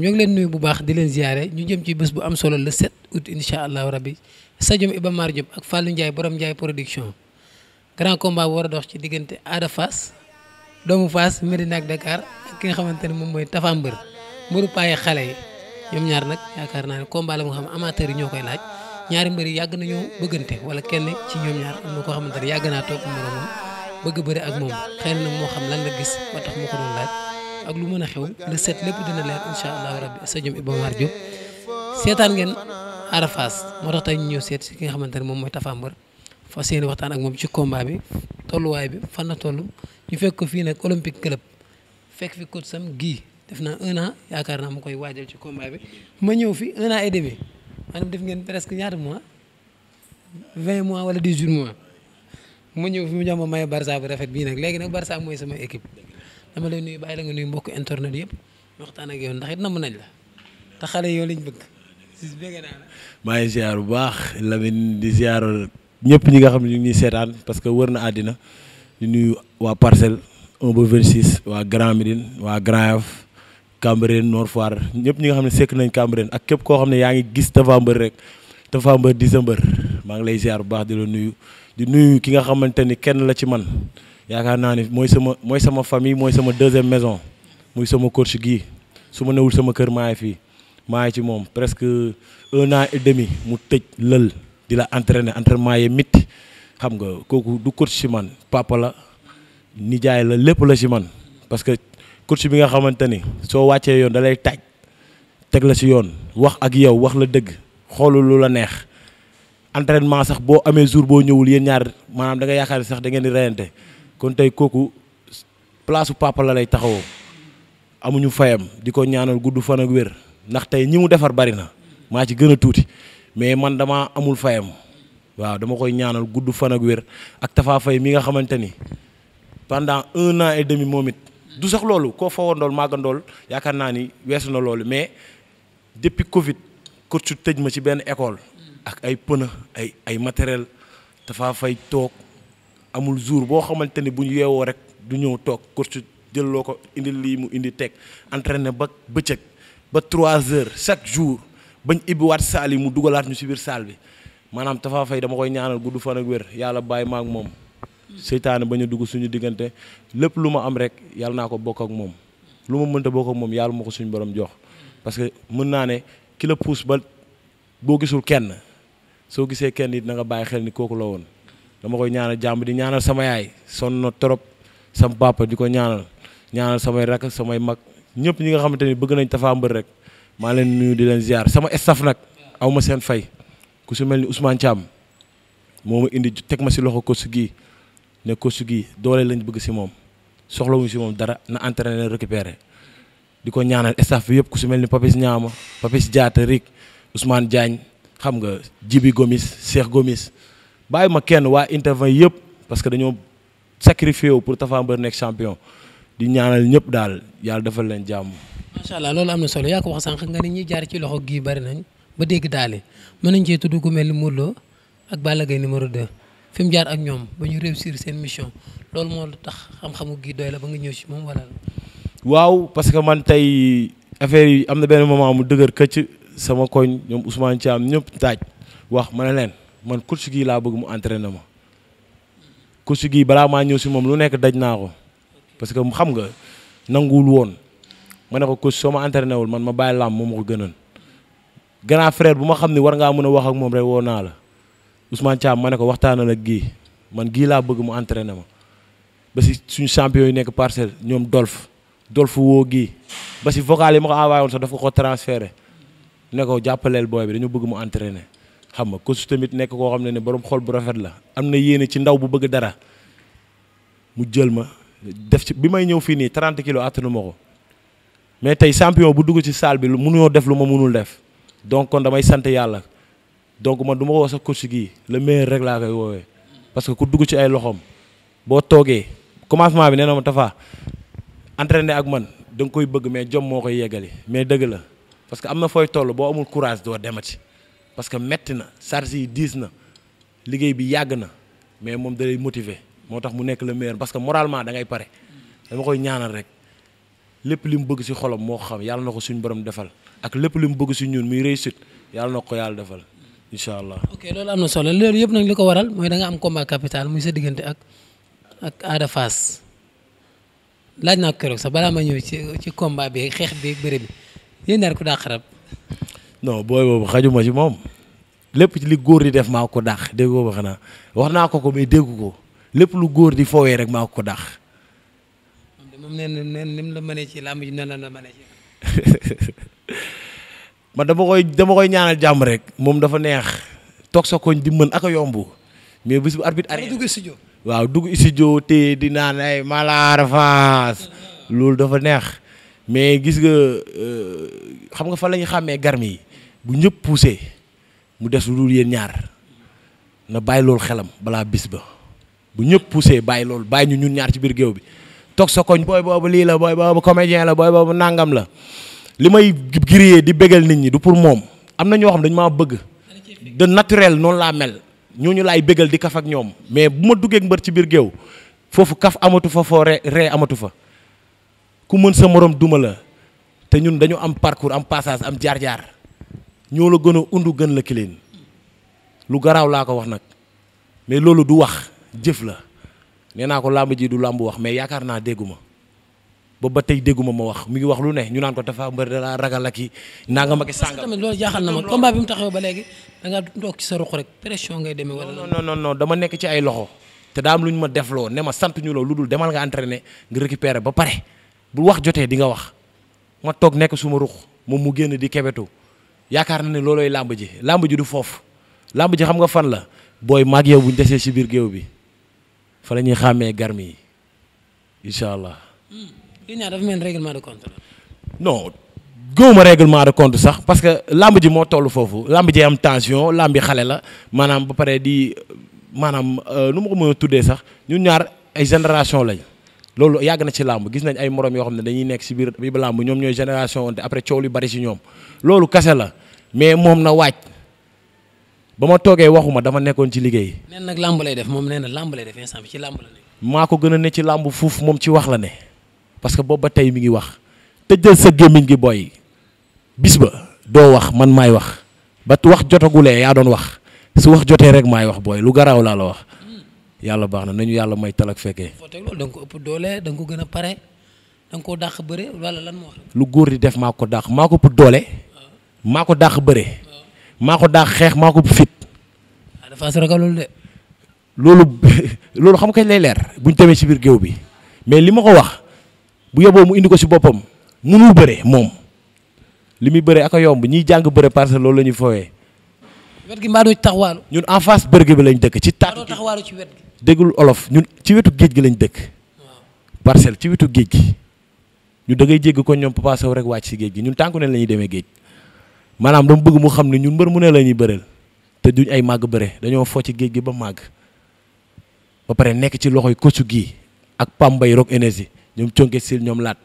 ñoo ngi leen nuyu bu baax di leen ziare ñu jëm ci bés bu am solo la 7 août incha allahu rabbi stadium Iba Mar Diop ak Fallou Ndiaye borom Ndiaye production grand combat bu war a dox ci diggante Ada Fass doomu Fass Medina ak Dakar ak ki nga xamante ne moom mooy Tafa Mbër mbëru paaye xale yi ñoom ñaar nag yaakaar naa ne combat la moo xam amateur yi ñoo koy laaj ñaari mbër yi yàgg nañoo bëggante wala kenn ci ñoom ñaar am na koo xamante ne yàgg naa topp moroomam bëri ak moom xëy na moo xam lan la gis ak lu mën a xew le sept lépp dina leer incha allahu rabbi stadium Iba Mar Diop seetaan ngeen Ada Fass moo tax tey seet ki nga xamante ne moom mooy Tapha Mbeur fas yéene waxtaan ak moom ci combat bi tolluwaay bi fan la toll ñu fekk ko fii nag olympique club fekk fi coach gii def naa un an yaakaar naa mu koy waajal ci combat bi ma ñëw fi un an et demi maanaam def ngeen presque ñaata mois vingt mois wala dix-huit mois bii nag léegi nag Barça mooy sama dama lay nuyu bàyyi la nga nuyu mbokk internet yëpp ñu waxtaan ak yow ndax it namm nañ la te xale yow lañ bëgg Ciss bëgg maa ngi ziar bu baax lamin di ziar ñëpp ñi nga xam ne ñu ngi ñuy parce que wër na àddina nuyu waa parcelle 1 ba 26 waa Grand waa Grand Yoff Cambérène Nord ñëpp ñi nga xam ne sekk nañ Cambérène ak képp koo xam ne yaa ngi gis Tapha Mbeur rek Tapha Mbeur di sa mbër maa ngi lay ziar bu baax di la nuyu di nuyu ki nga xamante ni kenn la ci man yaakaar naa ni mooy sama mooy sama famille mooy sama deuxième maison muy sama coach gii su ma newul sama kër maay fii maay ci moom presque un an et mu tëj lël di la entraîner entraînement yi métti xam nga kooku du coach ci man papa la la lépp la ci man parce que coach bi nga xamante ni soo wàccee yoon da lay teg la ci yoon wax ak yow wax la dëgg xoolul lu la neex entraînement sax boo amee jour boo ñëwul yéen ñaar maanaam da nga yaakaar sax da ngeen di reyante kon tey kooku place papa la lay taxawoo amuñu fayam di ko ñaanal gudd fan ak wér ndax tey ñi mu defar bari na maa ci gën a tuuti mais man dama amul fayam waaw dama koy ñaanal gudd fan ak wér ak Tafa Faye mi nga xamante ni pendant un an et moom it du sax loolu koo fawandool màggandool yaakaar naa ni weesu na loolu mais depuis Covid coach su tëj ma ci benn école ak ay pneu ay ay matériel Tafa Faye toog. amul jour boo xamante ni bu ñu yeewoo rek du ñëw toog course jël loo ko indi lii mu indi teg entraîné ba bëccëg ba trois heures chaque jour bañ ibbiwaat saal yi mu dugalaat ñu si biir saal bi maanaam Tapha Faye dama koy ñaanal gudd fan ak wér yàlla bàyyi ma ak moom seytaane ba ñu dugg suñu diggante lépp lu ma am rek yàlla naa ko bokk ak moom lu ma mënta bokk ak moom yàlla ma ko suñu borom jox parce que mën naa ne kilo pouse ba boo gisul kenn soo gisee kenn it na nga bàyyi xel ni kooku la woon dama koy ñaanal jàmb di ñaanal sama yaay sonn na trop sama papa di ko ñaanal ñaanal samay rak samay mag ñëpp ñi nga xamante ni bëgg nañ Tapha Mbeur rek maa leen nuyu di leen ziar sama staff nag aw ma seen fay ku si mel ni Ousmane Thiam moo indi teg ma si loxo coach gi ne coach gi doole lañ bëgg si moom soxlawuñ si moom dara na entraîné récupéré di ko ñaanal staff bi yëpp ku si mel ni Papis Ñaama Papis Diatta Rick Ousmane Diagne xam nga Jibi Gomis Cheikh Gomis bàyyi ma kenn waa intervent yëpp parce que dañoo sacrifié wu pour Tapha Mbeur nekk champion di ñaanal ñëpp daal yàlla defal leen jàmm. macha allah loolu am na solo yaa ko wax sànq nga ni ñuy jaar ci loxo gii bari ba dégg daale mën nañ cee tudd ku mel ni Modou ak Balla Gaye numéro de fi mu jaar ak ñoom ba ñu réussir seen mission loolu moo tax xam-xamu gii doy la ba nga ñëw ci moom wala. waaw parce que man tey affaire yi am na benn moment mu dëgër këcc sama koñ ñoom Ousmane Thiam ñëpp taaj wax ma ne leen. man coach gi laa bëgg mu entraîné ma coach gi balaa maa ñëw si moom lu nekk daj naa ko parce que xam nga nanguwul woon ma ne ko coach soo ma entraîné wul man ma bàyyi làmb moom ma ko gënoon. grand frère bu ma xam ne war ngaa mën a wax ak moom rek woo naa la Ousmane Thiam ma ne ko waxtaanal ak gii man gii laa bëgg mu entraîné ma ba si suñu champion yi nekk parcelle ñoom Dolf Dolf woo gii ba si vocal yi ma ko envoyé woon sax daf ko ko transféré ne ko jàppaleel booy bi dañu bëgg mu entraîné. xam nga ko tamit nekk koo xam ne ne borom xol bu rafet la am na yéene ci ndaw bu bëgg dara mu jël ma def ci bi may ñëw fii nii 30 kilos attanu ma ko mais tey champion bu dugg ci salle bi mënoo def lu ma mënul def donc kon damay sant yàlla donc man du ma ko wax sax coach gii le meilleur rek laa koy woowee parce que ku dugg ci ay loxoom boo toogee commencement bi nee na ma Tapha entraîné ak man da koy bëgg mais jom moo koy yeggali mais dëgg la parce que am na fooy toll boo amul courage doo demati. parce que metti na charge yi diis na liggéey bi yàgg na mais moom da lay moo tax mu nekk le maire parce que moralement da ngay pare dama koy ñaanal rek lépp li mu bëgg ci xolam moo xam yàlla na ko suñ borom defal ak lépp li mu bëgg ci ñun muy réussite yàlla na ko yàlla defal incha allah. ok loolu am na solo loolu yëpp nag li ko waral mooy da nga am combat capital muy sa diggante ak ak Ada laaj naa ko keroog sax balaa ma ñëw ci ci combat bi xeex bi bëre non booy boobu xajuma ci moom lépp ci li góor di def maa ko dàq déggoo ba xanaa wax naa ko ko mais dégg ko lépp lu góor di foowee rek maa ko dàq. moom nee na ni la mënee ci làmb ji noonu la mënee man dama koy koy ñaanal jàmm rek moom dafa neex toog sa koñ di mën ak a yomb mais bis bu arbitre arrêté waaw dugg studio te di naan ay malaar faas loolu dafa neex mais gis nga euh, xam nga fan la ñuy xàmmee garmi yi. bu ñëpp puusee mu des lu dul yéen ñaar na bàyyi loolu xelam balaa bis ba bu ñëpp poussé bàyyi loolu bàyyi ñu ñun ñaar ci biir géew bi toog sa koñ booy boobu lii la booy boobu comédien la booy boobu nangam la li may grillé di bégal nit ñi du pour moom am na ñoo xam dañu maa bëgg de naturel noonu laa mel ñooñu laay bégal di kaf ak ñoom mais bu ma duggee mbër ci biir géew foofu kaf amatu fa foo re amatu fa ku mën sa morom duma la te ñun dañu am parcours am passage am jaar-jaar ñoo la gën a undu gën la kileen lu garaaw laa ko wax nag mais loolu du wax jëf la nee naa ko làmb ji du làmb wax mais yaakaar naa dégguma ba ba tey dégguma ma wax mu ngi wax lu ne ñu naan ko dafa mbër da laa ragal ak i naa nga ma ki sàngal tamit jaaxal na ma combat bi mu taxaw ba léegi da nga toog ci sa ruq rek pression ngay demee wala non non non dama nekk ci ay loxo te daam lu ñu ma defloo ne ma sant ñu loo lu dul demal nga entraîné nga récupéré ba pare bu wax jotee di nga wax ma toog nekk suma ruq moom mu génn di kebetu yaakaar na ne loolooy làmb ji làmb ji du foofu làmb ji xam nga fan la booy maag yow buñ desee si biir géew bi fan la ñuy xàmmee garmi yi incha allah. Hmm. yéen ñaar dafa mel règlement de compte non gëwuma règlement de sax parce que làmb ji toll foofu làmb ji am tension làmb xale la maanaam ba pare di maanaam euh, nu ma ko mën a sax ñun ñaar ay génération lañ loolu yàgg na ci làmb gis nañ ay morom yoo xam ne dañuy nekk si biir bi ba làmb ñoom ñooy génération wante après coow li bari si ñoom loolu kase la. mais moom na waaj ba ma toogee waxuma dama nekkoon ci liggéey. nee nag làmb lay def moom nee na làmb lay bi ci làmb maa ko gën a ne ci làmb fuuf moom ci wax la ne parce que boobu ba tey mu ngi wax tëjal sa gémmiñ gi booy bis ba doo wax man maay wax ba wax jotagulee yaa doon wax su wax jotee rek maay wax booy lu garaaw laa la wax hmm. yàlla baax na nañu yàlla may talak fekkee. foo teg ko ëpp doole danga ko gën a pare da nga koo dàq bëre wala lan moo lu góor di def maa ko dàq maa ko ëpp doole. maa ko dàq bëre. maa ko dàq xeex maa ko fit. Ah, dafa sori loolu de. loolu loolu xam kañ lay leer buñ demee ci biir géew bi mais li ma ko wax bu yeboo mu indi ko si boppam mënul bëre moom li muy bëre ak a yomb ñuy jàng bëre parce loolu la ñuy fooyee. wet gi mbaa doo ñun en face bërëg bi lañ dëkk ci taatu. taxawaalu ci wet gi. déggul olof ñun ci wetu géej gi lañ dëkk. parcelle ci wetu géej gi. ñu da ngay jégg ko ñoom Papa Sow rek wàcc ci géej gi ñun tànku ne la ñuy demee géej. maanaam dama bëgg mu xam ne ñun mbër mu ne la ñuy bëreel te duñ ay màgg bëre dañoo fo ci géej gi ba màgg ba pare nekk ci loxoy kosu gii ak pambay rock énergie ñoom conke sil ñoom laat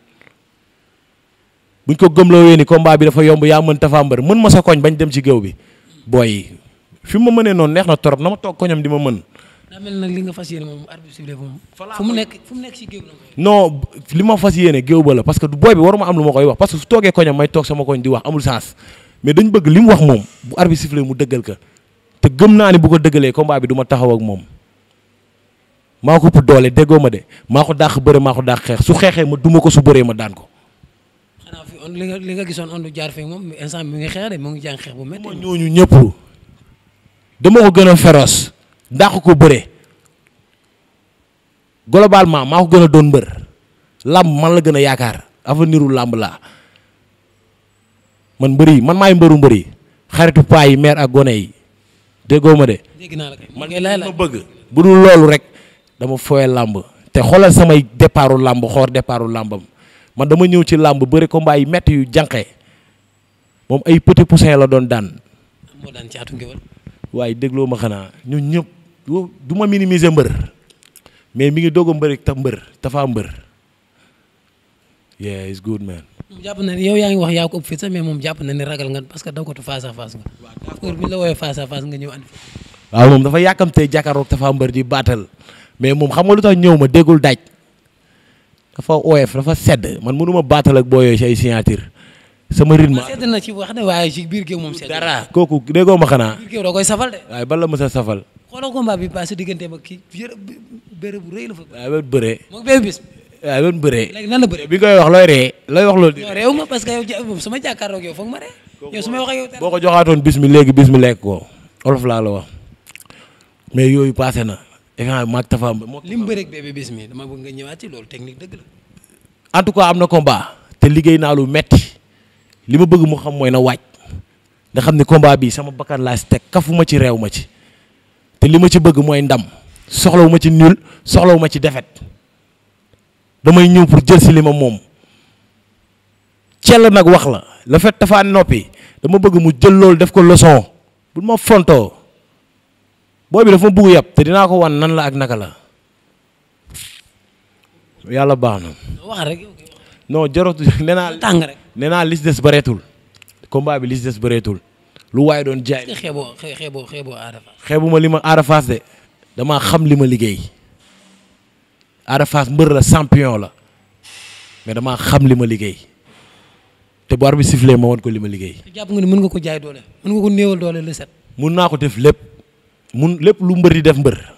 buñ ko gëmlawee ni combat bi dafa yomb yaa mën tafaa mbër mën ma sa koñ bañ dem ci géew bi booy fi ma mënee noonu neex na torop na ma toog koñam di ma mën daa fas yéene moom fu mu nekk fu mu nekk ci géew la ma fas yéene la parce booy bi waruma am lu ma koy wax parce su toogee koñam may toog sama koñ di wax amul sens mais dañ bëgg li mu wax moom bu arbitre sifflé mu dëggal ka te gëm naa ne bu ko dëggalee combat bi du taxaw ak moom maa ko ëpp doole déggoo ma de maa ko dàq bëre maa ko dàq xeex su xeexee ma duma ko su bëree ma daan ko. xanaa li nga li nga gisoon on du jaar fii moom instant mi ngi xeex de mu ngi jàng xeex bu métti. ñooñu ñëpp gën a féroce dàq ko bëre globalement maa ko gën a doon mbër làmb man la gën a yaakaar avenir u làmb laa. man mbëri man maay mbëru mbëri xaritu paa yi mère ak gone yi déggoo ma de. dégg naa la kay man ma bëgg. bu dul loolu rek dama fooyee làmb te xoolal samay départu làmb xoor départu làmbam man dama ñëw ci làmb bëri combat yi métti yu jànqee moom ay petit poussin la doon daan. moo daan ci atu waaye dégloo ma xanaa ñun ñëpp du ma minimiser mbër mais mi ngi doog a mbër ta mbër dafa mbër moom jàpp na ni yow yaa ngi wax yaa ko ëpp fit sax mais moom jàpp na ni ragal nga parce que daw ko tu face à face nga d'accord bu ñu la woowee face à face nga ñëw andi waaw moom dafa yàkkamtee jàkkaaroog Tapha Mbeur di baatal mais moom xam nga lu tax ñëw ma déggul daaj dafa oyof dafa sedd man mënuma baatal ak boo yooyu si ay signature sama rythme ah, sedd na ci wax ne waaye ci biir géew moom sedd ko kooku déggoo ma xanaa biir géew da koy safal de waaye ban la mës a safal xoolal combat bi passé digganteem ak kii yërë bërë bu rëy la fa ba waaw doon bëree. léegi nan la bi koy wax looy ree wax loolu. non réew ma parce que ma ree. yow su ma wax ak yow. boo ko joxaatoon bis mi léegi bis mi lekk ko olof laa la wax mais yooyu passé na. échange maag Tafa Mbeur. li mu bëri ak dama bëgg nga ñëwaat ci loolu technique dëgg en tout cas am na combat. te liggéey naa lu metti li ma bëgg mu xam mooy na waaj nga xam ni combat bii sama bakkan laa si teg kafuma ci réew ma ci te li ma ci bëgg mooy ndam soxlawu ma ci nul soxlawu ma ci defet damay ñëw pour jël si li ma moom cell nag wax la la fait dafa noppi dama bëgg mu jël loolu def ko leçon bu ma fontoo boobi dafa ma bugg yàpp te dinaa ko wan nan la ak naka la yàlla baax na. wax rek. non jaratu nee naa. tàng rek bareetul naa li si bi li des bëreetul. lu waaye doon jaay. xeeboo xeeboo xeeboo Ada Fass. li ma Ada Fass de damaa xam li ma liggéey. Ada Fass mbër la champion la mais damaa xam li ma liggéey te bu arbitre bi sifflé ma woon ko li ma liggéey. jàpp nga ni mën nga ko jaay doole mën nga ko néewal doole le set. mun naa ko def lépp mun lépp lu mbër di def mbër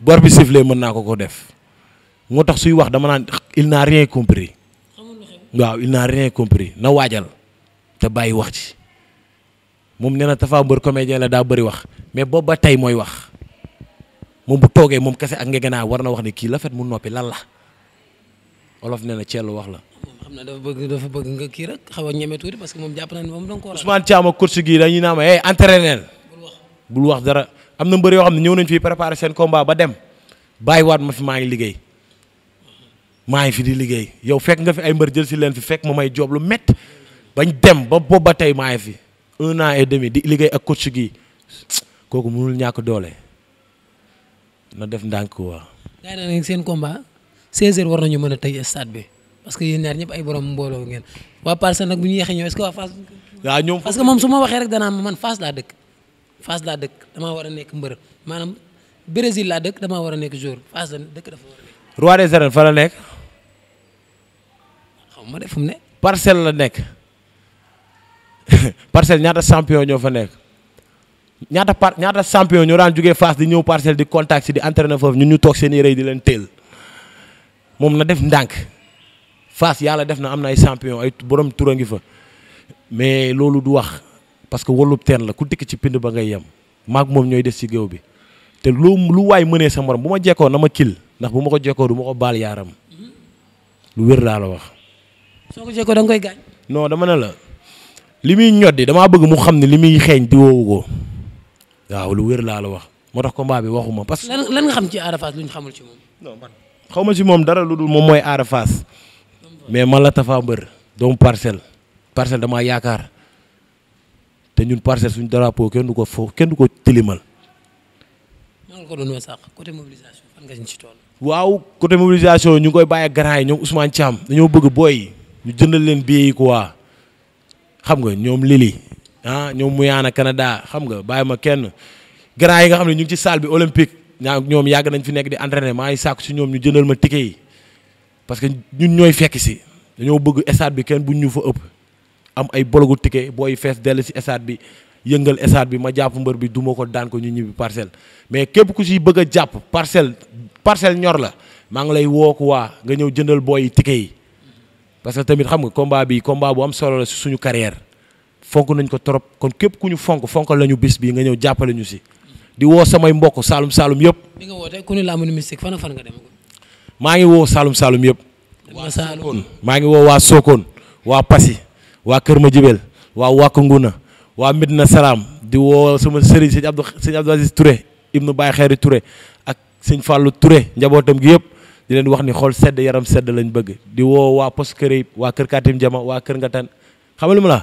bu arbitre bi sifflé mën naa ko ko def moo tax suy wax dama naan il n'a rien compris waaw il n'a rien compris na waajal te bàyyi wax ci moom nee na Tapha Mbeur comédien la daa bëri wax mais boobu ba tey mooy wax moom bu toogee moom kese ak ngegenaa war na wax ne kii lafet mu noppi lan la olof nee na ceelu wax la. xam na dafa bëgg dafa bëgg nga kii rek xaw a ñeme tuuti parce que moom jàpp na ne moom da nga ko war a. Ousmane Thiam ak coach gi dañuy naan hey eh, entraîneel. bul wax bul wax dara am na mbër yoo xam ne ñëw nañ fii préparer seen combat ba dem bàyyiwaat ma fi maa ngi liggéey maa ngi fi di liggéey yow fekk nga fi ay mbër jël si leen fi fekk ma may joob lu métti bañ dem ba boobu ba tey maa ngi fi un an et demi di liggéey ak coach gi kooku mënul ñàkk doole. na def ndànk waa. gars yi nag seen combat 16h war nañu mën a tëj stade bi parce que yéen ñaar ay borom mbooloo ngeen waa Parcelles nag bu ñu yéexee ñëw est-ce que waa Fass. waaw ñoom parce que moom ma waxee rek danaa man Fass laa dëkk damaa war a nekk mbër maanaam Brésil laa dëkk damaa war a nekk jour Fass dafa war a nekk. roi des arènes ma de fu mu ne. parcelle la nekk parcelle ñaata champion ñoo fa nekk. ñaata par ñaata champion ñoo daan jógee Fass di ñëw parcelle di contact si di entraîné foofu ñun ñu toog seen yére yi di leen teel moom na def ndànk fas yàlla def na am na ay champion ay borom tur a ngi fa mais loolu du wax parce que wallub teen la ku dikk ci pind ba ngay yem maak moom ñooy des ci géew bi te lu lu waay mënee sa morom bu ma jekkoo na ma kil ndax bu ma ko jekkoo du ma ko baal yaaram lu wér laa la wax. soo ko jekkoo da nga koy gaañ. non dama la li muy ñoddi damaa bëgg mu xam ne li muy xeeñ di woowu waaw lu wér laa la wax moo tax ko combat bi waxuma parce que. lan nga xam ci Ada Fass lu ñu xamul ci moom. non man xaw ma ci moom dara lu dul moom mooy Ada mais man la Tapha Mbeur doomu parcelle parcelle damaa yaakaar te ñun parcelle suñ drapeau kenn du ko fo kenn du ko tilimal. ñoo ko sàq côté mobilisation fan nga ci tool. waaw côté mobilisation ñu ngi koy bàyyi ak garaay ñoom Ousmane Thiam dañoo bëgg booy ñu jëndal leen billet yi quoi xam nga ñoom Lili ah ñoom Muyana Canada xam nga bàyyi ma kenn grand yi nga xam ne ñu ngi ci salle bi olympique ñaa ñoom yàgg nañ fi nekk di entraîner maa ngi sàkku si ñoom ñu jëndal ma tike yi parce que ñun ñooy fekk si dañoo bëgg stade bi kenn buñ ñu fa ëpp am ay bologu ticket booy fees dell si stade bi yëngal stade bi ma jàpp mbër bi duma ko daan ko ñu ñibbi parcelle mais képp ku si bëgg a jàpp parcelle parcelle ñor la maa ngi lay wooku waa nga ñëw jëndal booy ticket yi parce que tamit xam nga combat bi combat bu am solo la si suñu carrière fonk nañ ko trop kon képp ku ñu fonk fonkal lañu bis bii nga ñëw jàppale ñu si di woo samay mbokk Saalum Saalum yëpp. bi nga woote ku ñu fan fan nga maa ngi woo Saalum Saalum yëpp. waa Sokone maa ngi woo waa Sokone waa Passy waa Kër Madiabel waa Wack Ngouna waa na Salaam di woo sama sëriñ sëñ Abdou sëñ Abdou Aziz Touré ibnu Baye Xeeri Touré ak sëñ Fallou ture njabootam gi yëpp di leen wax ni xool sedd yaram sedd lañ bëgg di woo waa Poste Kër yi waa Kër Katim Jama waa Kër nga xamal ma la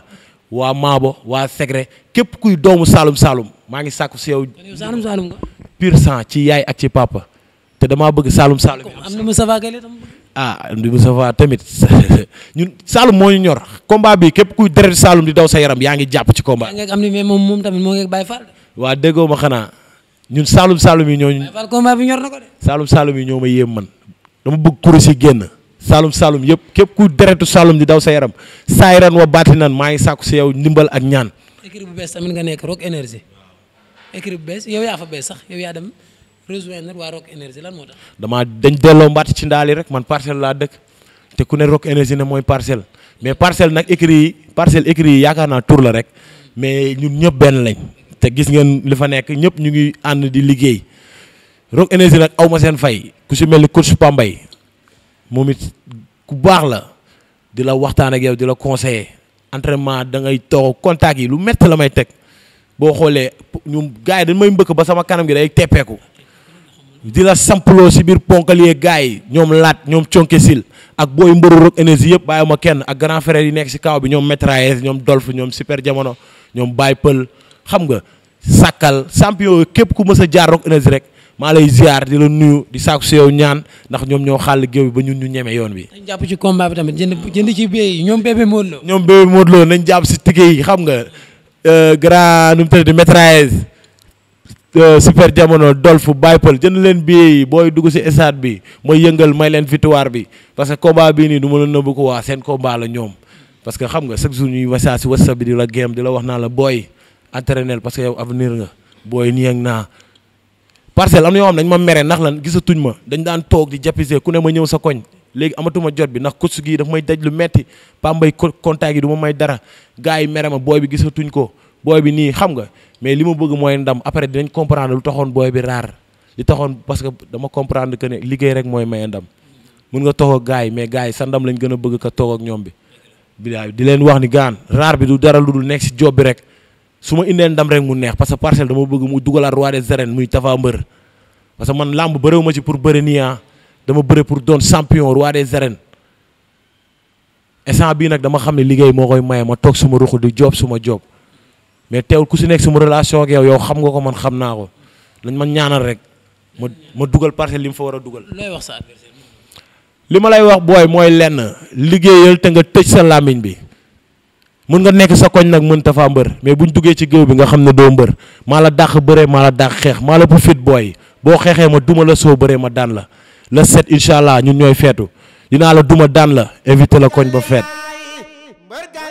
waa bo waa Segre képp kuy doomu Saalum Saalum maa ngi sàkku si yow. Saalum Saalum nga. pur sang ci yaay ak ci papa te damaa bëgg Saalum Saalum. am na Moustapha Gueye tam. ah ndi Moustapha tamit ñun Saalum moo ñu ñor combat bi képp kuy deret Saalum di daw sa yaram yaa ngi jàpp ci combat. yaa am ni mais moom moom tamit moo ngi Baye Fall. waa déggoo ma xanaa ñun Saalum Saalum yi ñoo ñu. Baye bi ñor na ko de. Saalum Saalum yi ñoo ma yéem man dama bëgg kuréel si génn. saalum saalum yëpp képp ku deretu saalum di daw sa yaram saayiran wa baatinan maa ngi sàkku si yow ndimbal ak ñaan. écurie bu bees tamit nga nekk Rock Énergie écurie bu bees yow yaa fa bees sax yow yaa dem rejoindre waa Rock Énergie lan moo tax. damaa dañ delloo mbatt ci ndaali rek man parcelle laa dëkk te ku ne Rock Énergie ne mooy parcelle mais parcelle nag écurie yi parcelle écurie yi yaakaar naa tur la rek mais ñun ñëpp benn lañ te gis ngeen li fa nekk ñëpp ñu ngi ànd di liggéey Rock Énergie nag aw ma seen fay ku si mel ni coach Pambay moom it ku baax la di la waxtaan ak yow di la conseiller entraînement da ngay toog contact yi lu métti la may teg boo xoolee ñu gars yi dañ may mbëkk ba sama kanam gi day teppeeku di la samploo si biir ponkalier gars yi ñoom laat ñoom conke sil ak booy mbëru rek énergie yëpp bàyyi ma kenn ak grand frère yi nekk si kaw bi ñoom maîtrise ñoom dolf ñoom super jamono ñoom baay pël xam nga sàkkal champion képp ku mës a jaar rek énergie rek maa lay ziar di la nuyu di saaku si yow ñaan ndax ñoom ñoo xàll géew bi ba ñun ñu ñeme yoon bi. nañ jàpp ci combat bi tamit jënd jënd ci bee yi ñoom bébé Modou Lo. ñoom bébé Modou Lo nañ jàpp si tike yi xam nga euh, grand nu mu tëddee maîtrise euh, super jamono dolfu baypal jënd leen billets booy dugg si stade bi mooy yëngal may leen victoire bi parce que combat bii nii du ma la nëbbu ko waa seen combat la ñoom parce que xam nga chaque jour ñuy message si WhatsApp bi di la gém di la wax naa la booy entraîner parce que yow avenir nga booy nii ak naa parcelle am na yoo ma mere ndax lan gisatuñ ma dañ daan toog di jappise ku ne ma ñëw sa koñ léegi amatuma jot bi ndax coach gi daf may daj lu metti pambay contact yi du ma may dara gars yi mere ma booy bi gisatuñ ko booy bi nii xam nga mais li ma bëgg mooy ndam après dinañ comprendre lu taxoon booy bi raar li parce que dama comprendre que ne liggéey rek mooy maye ndam mun nga toog yi mais gars yi sa ndam lañ gën a bëgg ka toog ñoom bi leen wax ni gaan raar bi du dara lu nekk si job rek su ma indee ndam rek mu neex parce dama bëgg mu dugalaat roi des arènes muy Tapha Mbeur parce que man làmb bëréw ma ci pour bëre nii ah dama bëre pour doon champion roi des arènes instant bii nag dama xam ne liggéey moo koy maye ma toog suma ruq di job suma job mais teewul ku si nekk suma relation ak yow xam nga ko man xam naa ko dañ man ñaanal rek ma ma dugal parcelle li mu fa war a dugal. looy wax sa li ma lay wax booy mooy lenn liggéeyal te nga tëj sa làmmiñ bi mën nga nekk sa koñ nag mën ta faa mbër mais buñ duggee ci géew bi nga xam ne doo mbër maa la dàq bëre maa la xeex maa la bu fit booy boo xeexee ma duma la soo bëree ma daan la la sept incha allah ñun ñooy feetu dinaa la duma daan la invité la koñ ba feet